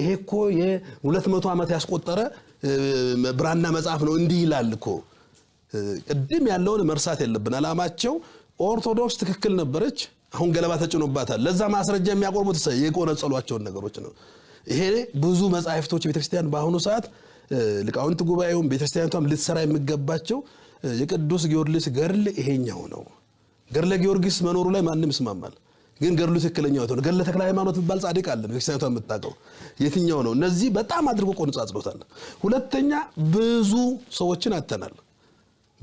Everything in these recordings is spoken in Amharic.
ይሄ እኮ የሁለት መቶ ዓመት ያስቆጠረ ብራና መጽሐፍ ነው። እንዲህ ይላል እኮ ቅድም ያለውን መርሳት የለብን። አላማቸው ኦርቶዶክስ ትክክል ነበረች፣ አሁን ገለባ ተጭኖባታል። ለዛ ማስረጃ የሚያቆርቡት የቆነጸሏቸውን ነገሮች ነው። ይሄ ብዙ መጽሐፍቶች ቤተክርስቲያን በአሁኑ ሰዓት ሊቃውንት ጉባኤውም ቤተክርስቲያኒቷም ልትሰራ የሚገባቸው የቅዱስ ጊዮርጊስ ገርል ይሄኛው ነው። ገርለ ጊዮርጊስ መኖሩ ላይ ማንም ይስማማል። ግን ገድሉ ትክክለኛው ነው። ገድለ ተክለ ሃይማኖት የሚባል ጻድቅ አለ፣ ቤተክርስቲያኗ የምታውቀው የትኛው ነው? እነዚህ በጣም አድርጎ ቆንጻጽሎታል። ሁለተኛ ብዙ ሰዎችን አተናል።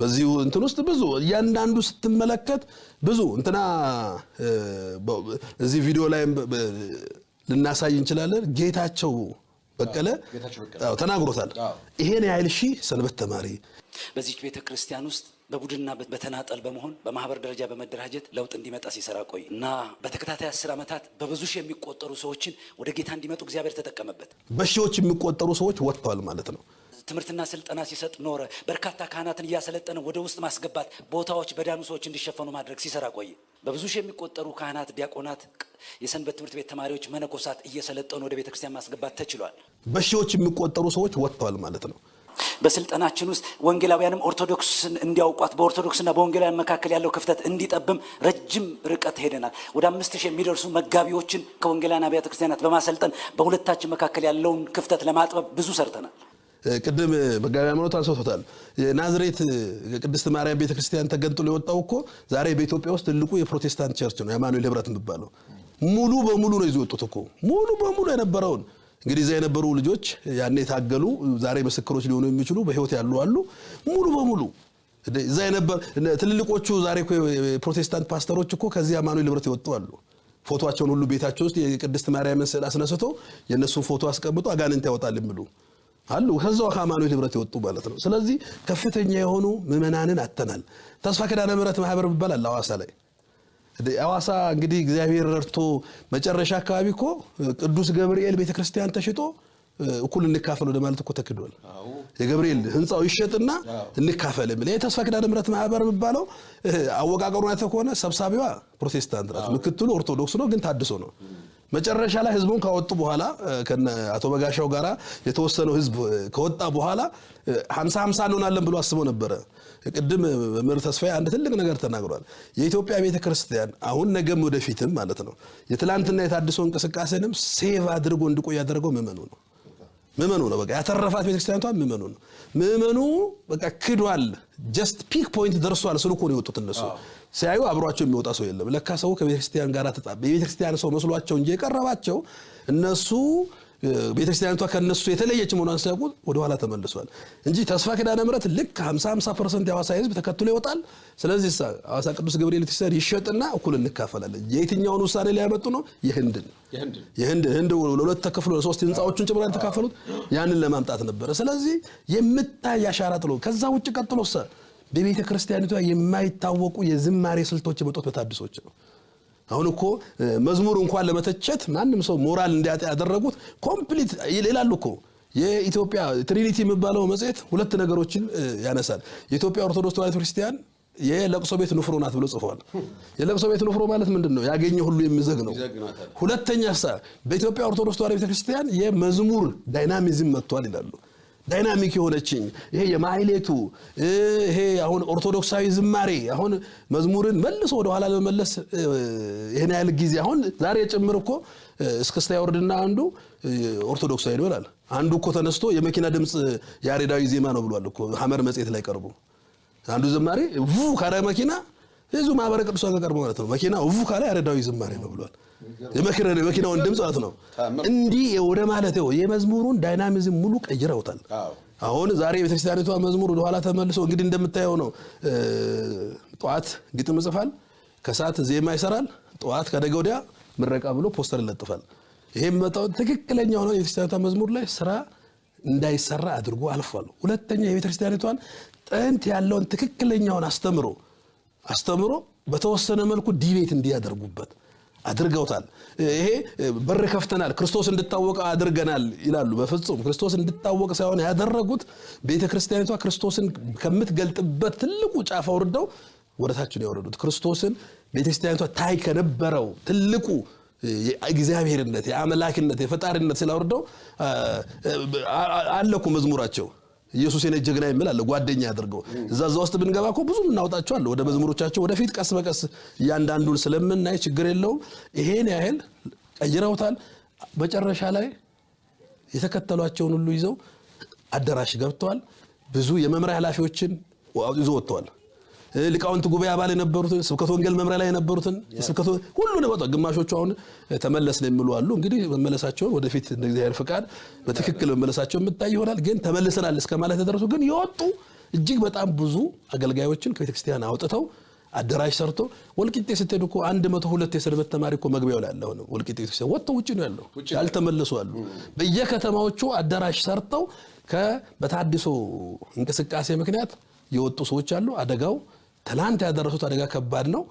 በዚሁ እንትን ውስጥ ብዙ እያንዳንዱ ስትመለከት ብዙ እንትና እዚህ ቪዲዮ ላይ ልናሳይ እንችላለን። ጌታቸው በቀለ ተናግሮታል። ይሄን ያህል ሺህ ሰንበት ተማሪ በዚች ቤተ ክርስቲያን ውስጥ በቡድንና በተናጠል በመሆን በማህበር ደረጃ በመደራጀት ለውጥ እንዲመጣ ሲሰራ ቆይ እና በተከታታይ አስር ዓመታት በብዙ ሺህ የሚቆጠሩ ሰዎችን ወደ ጌታ እንዲመጡ እግዚአብሔር ተጠቀመበት። በሺዎች የሚቆጠሩ ሰዎች ወጥተዋል ማለት ነው። ትምህርትና ስልጠና ሲሰጥ ኖረ። በርካታ ካህናትን እያሰለጠነ ወደ ውስጥ ማስገባት ቦታዎች በዳኑ ሰዎች እንዲሸፈኑ ማድረግ ሲሰራ ቆየ። በብዙ ሺህ የሚቆጠሩ ካህናት፣ ዲያቆናት፣ የሰንበት ትምህርት ቤት ተማሪዎች፣ መነኮሳት እየሰለጠኑ ወደ ቤተክርስቲያን ማስገባት ተችሏል። በሺዎች የሚቆጠሩ ሰዎች ወጥተዋል ማለት ነው። በስልጠናችን ውስጥ ወንጌላውያንም ኦርቶዶክስን እንዲያውቋት በኦርቶዶክስና በወንጌላውያን መካከል ያለው ክፍተት እንዲጠብም ረጅም ርቀት ሄደናል። ወደ አምስት ሺህ የሚደርሱ መጋቢዎችን ከወንጌላውያን አብያተ ክርስቲያናት በማሰልጠን በሁለታችን መካከል ያለውን ክፍተት ለማጥበብ ብዙ ሰርተናል። ቅድም መጋቢ ሃይማኖት አንስቶታል። የናዝሬት ቅድስት ማርያም ቤተክርስቲያን ተገንጥሎ የወጣው እኮ ዛሬ በኢትዮጵያ ውስጥ ትልቁ የፕሮቴስታንት ቸርች ነው፣ የአማኑኤል ህብረት የሚባለው ሙሉ በሙሉ ነው ይዞ የወጡት እኮ ሙሉ በሙሉ የነበረውን እንግዲህ እዛ የነበሩ ልጆች ያኔ የታገሉ ዛሬ ምስክሮች ሊሆኑ የሚችሉ በህይወት ያሉ አሉ። ሙሉ በሙሉ እዛ የነበር ትልልቆቹ ዛሬ ፕሮቴስታንት ፓስተሮች እኮ ከዚህ አማኑኤል ህብረት የወጡ አሉ። ፎቶቸውን ሁሉ ቤታቸው ውስጥ የቅድስት ማርያምን ስዕል አስነስቶ የእነሱን ፎቶ አስቀምጦ አጋንንት ያወጣል የሚሉ አሉ። ከዛው ከአማኑኤል ህብረት የወጡ ማለት ነው። ስለዚህ ከፍተኛ የሆኑ ምዕመናንን አተናል። ተስፋ ኪዳነ ምሕረት ማህበር ይባላል አዋሳ ላይ ሐዋሳ እንግዲህ እግዚአብሔር ረድቶ መጨረሻ አካባቢ እኮ ቅዱስ ገብርኤል ቤተክርስቲያን ተሽጦ እኩል እንካፈል ወደ ማለት እኮ ተክዷል። የገብርኤል ህንፃው ይሸጥና እንካፈል የሚል ይህ ተስፋ ኪዳነ ማህበር የሚባለው አወቃቀሩ አይተህ ከሆነ ሰብሳቢዋ ፕሮቴስታንት ናት፣ ምክትሉ ኦርቶዶክስ ነው፣ ግን ታድሶ ነው መጨረሻ ላይ ህዝቡን ካወጡ በኋላ አቶ በጋሻው ጋራ የተወሰነው ህዝብ ከወጣ በኋላ ሀምሳ ሀምሳ እንሆናለን ብሎ አስቦ ነበረ። ቅድም መምህር ተስፋዬ አንድ ትልቅ ነገር ተናግሯል። የኢትዮጵያ ቤተ ክርስቲያን አሁን ነገም ወደፊትም ማለት ነው የትላንትና የታድሶ እንቅስቃሴንም ሴቭ አድርጎ እንዲቆይ ያደረገው ምዕመኑ ነው። ምዕመኑ ነው በቃ ያተረፋት ቤተክርስቲያኒቷ ምዕመኑ ነው። ምዕመኑ በቃ ክዷል። ጀስት ፒክ ፖይንት ደርሷል። ስልኩ ነው የወጡት እነሱ ሲያዩ አብሯቸው የሚወጣ ሰው የለም። ለካ ሰው ከቤተክርስቲያን ጋር ተጣበ። የቤተክርስቲያን ሰው መስሏቸው እንጂ የቀረባቸው እነሱ ቤተክርስቲያኒቷ ከነሱ የተለየች መሆኗን ሲያውቁ ወደኋላ ተመልሷል እንጂ ተስፋ ኪዳነ ምሕረት ልክ 50 50 ፐርሰንት የሐዋሳ ህዝብ ተከትሎ ይወጣል። ስለዚህ ሐዋሳ ቅዱስ ገብርኤል ቤተክርስቲያን ይሸጥና እኩል እንካፈላለን። የትኛውን ውሳኔ ሊያመጡ ነው? የህንድን የህንድ ህንድ ለሁለት ተከፍሎ ለሶስት ህንፃዎቹን ጭምር የተካፈሉት ያንን ለማምጣት ነበረ። ስለዚህ የምታይ አሻራ ጥሎ ከዛ ውጭ ቀጥሎ በቤተ ክርስቲያኒቷ የማይታወቁ የዝማሬ ስልቶች የመጡት በታድሶች ነው። አሁን እኮ መዝሙር እንኳን ለመተቸት ማንም ሰው ሞራል እንዲያጣ ያደረጉት ኮምፕሊት ይላሉ እኮ የኢትዮጵያ ትሪኒቲ የሚባለው መጽሔት ሁለት ነገሮችን ያነሳል። የኢትዮጵያ ኦርቶዶክስ ተዋሕዶ ክርስቲያን የለቅሶ ቤት ንፍሮ ናት ብሎ ጽፏል። የለቅሶ ቤት ንፍሮ ማለት ምንድን ነው? ያገኘ ሁሉ የሚዘግ ነው። ሁለተኛ ሳ በኢትዮጵያ ኦርቶዶክስ ተዋሕዶ ቤተክርስቲያን የመዝሙር ዳይናሚዝም መጥቷል ይላሉ። ዳይናሚክ የሆነችኝ ይሄ የማይሌቱ ይሄ አሁን ኦርቶዶክሳዊ ዝማሬ አሁን መዝሙርን መልሶ ወደኋላ ለመመለስ ይህን ያህል ጊዜ አሁን ዛሬ ጭምር እኮ እስክስታ ያወርድና አንዱ ኦርቶዶክሳዊ ነው ይላል። አንዱ እኮ ተነስቶ የመኪና ድምፅ ያሬዳዊ ዜማ ነው ብሏል እኮ ሀመር መጽሔት ላይ ቀርቦ አንዱ ዝማሬ ቡ ካረ መኪና የዚሁ ማህበረ ቅዱሳን ጋር ማለት ነው። መኪና ውፉ ካለ ያሬዳዊ ዝማሬ ነው ብሏል። የመኪናውን ድምፅ ማለት ነው እንዲህ ወደ ማለት የመዝሙሩን ዳይናሚዝም ሙሉ ቀይረውታል። አሁን ዛሬ የቤተክርስቲያኒቷ መዝሙር ወደኋላ ተመልሶ እንግዲህ እንደምታየው ነው። ጠዋት ግጥም ይጽፋል፣ ከሰዓት ዜማ ይሰራል፣ ጠዋት ከደገ ወዲያ ምረቃ ብሎ ፖስተር ይለጥፋል። ይሄም መጣው ትክክለኛው ነው። የቤተክርስቲያኒቷ መዝሙር ላይ ስራ እንዳይሰራ አድርጎ አልፏል። ሁለተኛ የቤተክርስቲያኒቷን ጥንት ያለውን ትክክለኛውን አስተምሮ አስተምሮ በተወሰነ መልኩ ዲቤት እንዲያደርጉበት አድርገውታል። ይሄ በር ከፍተናል፣ ክርስቶስ እንድታወቀ አድርገናል ይላሉ። በፍጹም ክርስቶስ እንድታወቅ ሳይሆን ያደረጉት ቤተ ክርስቲያኒቷ ክርስቶስን ከምትገልጥበት ትልቁ ጫፍ አውርደው ወደታችን ያወረዱት። ክርስቶስን ቤተ ክርስቲያኒቷ ታይ ከነበረው ትልቁ የእግዚአብሔርነት፣ የአምላክነት፣ የፈጣሪነት ስላወርደው አለኩ መዝሙራቸው ኢየሱስ የኔ ጀግና የሚል አለ። ጓደኛ ያድርገው። እዛ እዛ ውስጥ ብንገባ እኮ ብዙ እናውጣቸዋል። ወደ መዝሙሮቻቸው ወደፊት ቀስ በቀስ እያንዳንዱን ስለምናይ ችግር የለውም። ይሄን ያህል ቀይረውታል። መጨረሻ ላይ የተከተሏቸውን ሁሉ ይዘው አዳራሽ ገብተዋል። ብዙ የመምሪያ ኃላፊዎችን ይዞ ወጥተዋል። ሊቃውንት ጉባኤ አባል የነበሩትን ስብከት ወንጌል መምሪያ ላይ የነበሩትን ስብከት ሁሉ ወጣ። ግማሾቹ አሁን ተመለስን የሚሉ አሉ። እንግዲህ መመለሳቸውን ወደፊት እንደ እግዚአብሔር ፍቃድ በትክክል መመለሳቸው የምታይ ይሆናል። ግን ተመልሰናል እስከ ማለት የደረሱ ግን የወጡ እጅግ በጣም ብዙ አገልጋዮችን ከቤተክርስቲያን አውጥተው አደራጅ ሰርቶ ወልቂጤ ስትሄዱ እኮ አንድ መቶ ሁለት የሰንበት ተማሪ እኮ መግቢያው ላይ ያለው ነው። ወልቂጤ ስትሄድ ወጥተው ውጭ ነው ያለው ያልተመለሱ አሉ። በየከተማዎቹ አደራጅ ሰርተው ከበታድሶ እንቅስቃሴ ምክንያት የወጡ ሰዎች አሉ። አደጋው ትላንት ያደረሱት አደጋ ከባድ ነው።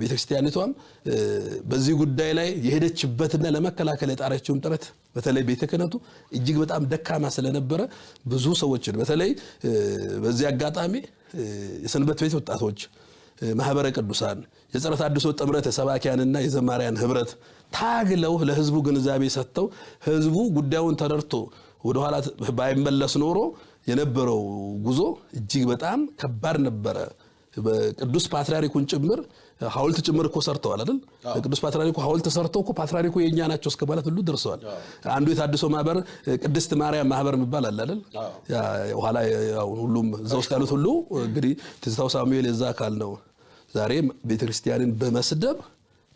ቤተክርስቲያኒቷም በዚህ ጉዳይ ላይ የሄደችበትና ለመከላከል የጣረችውም ጥረት በተለይ ቤተ ክህነቱ እጅግ በጣም ደካማ ስለነበረ ብዙ ሰዎችን በተለይ በዚህ አጋጣሚ የሰንበት ቤት ወጣቶች ማህበረ ቅዱሳን የጸረ ተሐድሶ ጥምረት የሰባኪያንና የዘማሪያን ህብረት ታግለው ለህዝቡ ግንዛቤ ሰጥተው ህዝቡ ጉዳዩን ተረድቶ ወደኋላ ባይመለስ ኖሮ የነበረው ጉዞ እጅግ በጣም ከባድ ነበረ። ቅዱስ ፓትርያርኩን ጭምር ሀውልት ጭምር እኮ ሰርተዋል አይደል? ቅዱስ ፓትርያርኩ ሀውልት ሰርተው እኮ ፓትርያርኩ የእኛ ናቸው እስከ ማለት ሁሉ ደርሰዋል። አንዱ የታድሶ ማህበር ቅድስት ማርያም ማህበር የሚባል አለ አይደል? ኋላ ሁሉም እዛ ውስጥ ያሉት ሁሉ እንግዲህ ትዝታው ሳሙኤል የዛ አካል ነው። ዛሬ ቤተክርስቲያንን በመስደብ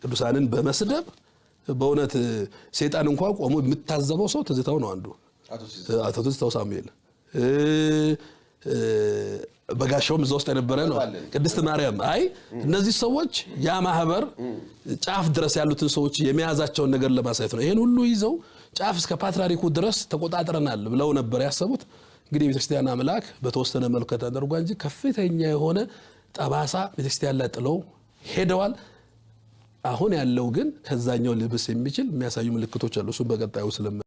ቅዱሳንን በመስደብ በእውነት ሴጣን እንኳ ቆሞ የምታዘበው ሰው ትዝታው ነው አንዱ አቶ ትዝታው ሳሙኤል በጋሻውም እዛ ውስጥ የነበረ ነው። ቅድስት ማርያም አይ እነዚህ ሰዎች ያ ማህበር ጫፍ ድረስ ያሉትን ሰዎች የመያዛቸውን ነገር ለማሳየት ነው። ይህን ሁሉ ይዘው ጫፍ እስከ ፓትርያርኩ ድረስ ተቆጣጥረናል ብለው ነበር ያሰቡት። እንግዲህ የቤተክርስቲያን አምላክ በተወሰነ መልኩ ተደርጓ እንጂ ከፍተኛ የሆነ ጠባሳ ቤተክርስቲያን ላይ ጥለው ሄደዋል። አሁን ያለው ግን ከዛኛው ልብስ የሚችል የሚያሳዩ ምልክቶች አሉ። እሱም በቀጣዩ ስለም